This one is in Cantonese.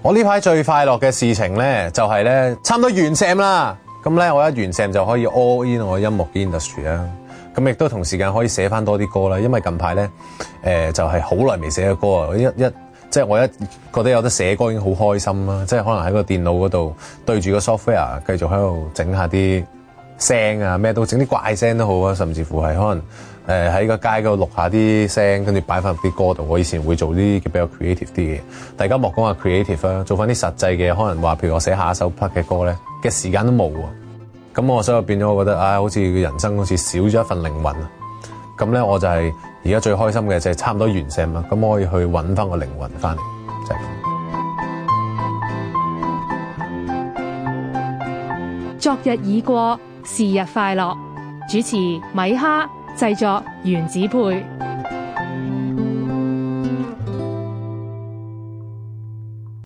我呢排最快樂嘅事情呢，就係呢，差唔多完成啦。咁呢，我一完成就可以 all in 我音樂嘅 industry 啦。咁亦都同時間可以寫翻多啲歌啦。因為近排呢，誒就係好耐未寫嘅歌啊。我一一即係我一覺得有得寫歌已經好開心啦。即係可能喺個電腦嗰度對住個 software 繼續喺度整下啲聲啊，咩都整啲怪聲都好啊，甚至乎係可能誒喺個街嗰度錄一下啲聲，跟住擺翻啲歌度。我以前會做啲比較 creative 啲嘅，大家莫講話 creative 啊，做翻啲實際嘅，可能話譬如我寫下一首 part 嘅歌咧嘅時間都冇啊。咁我所以變咗，我覺得啊，好似人生好似少咗一份靈魂啊。咁咧我就係而家最開心嘅就係差唔多完成啦。咁我可以去揾翻個靈魂翻嚟，就係、是。昨日已過。是日快樂，主持米哈，製作原子配。